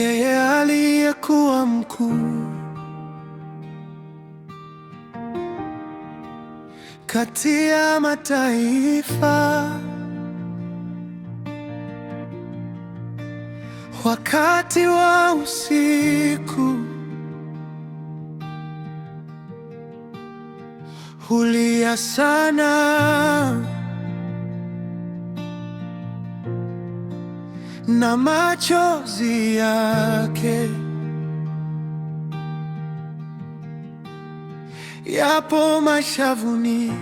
yeye aliyekuwa mkuu kati ya mataifa, wakati wa usiku hulia sana na machozi yake yapo mashavuni,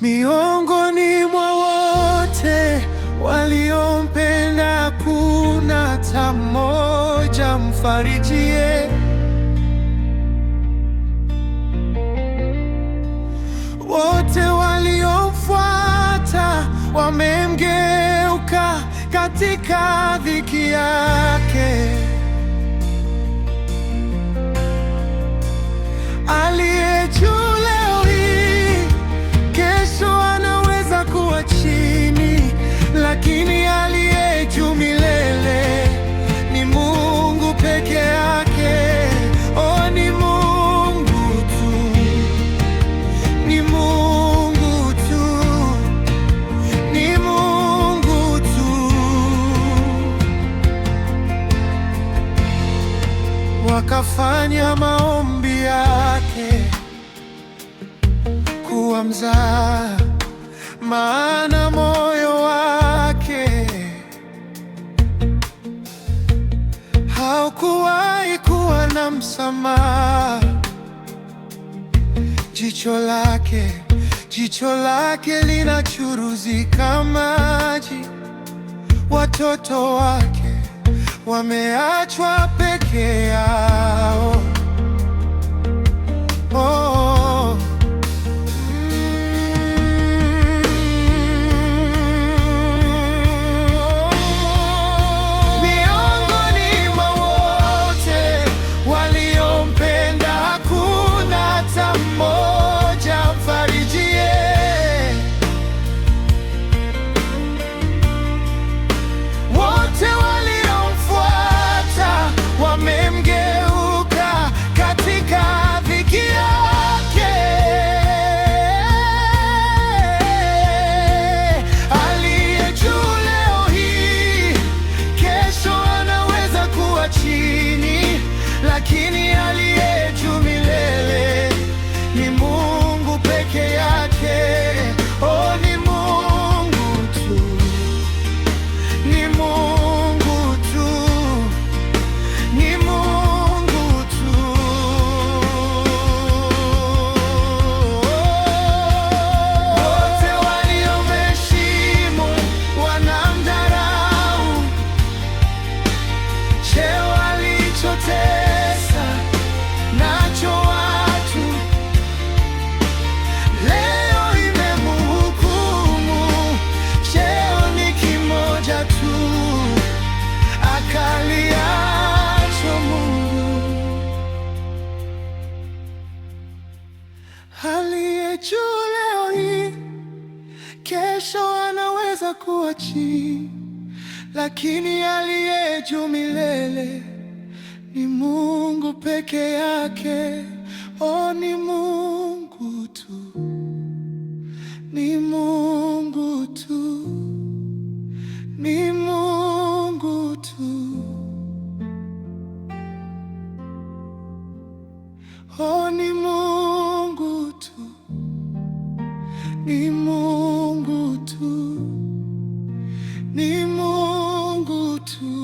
miongoni mwa wote waliompenda kuna hata mmoja mfarijie katika dhiki yako. wakafanya maombi yake kuwa mzaa, maana moyo wake haukuwahi kuwa na msamaha. Jicho lake jicho lake linachuruzika maji, watoto wake wameachwa afya yao oh. aliye juu leo hii, kesho anaweza kuwa chini, lakini aliye juu milele ni Mungu peke yake. O, ni Mungu tu, ni Mungu tu, ni Mungu tu. O, ni Mungu ni Mungu tu.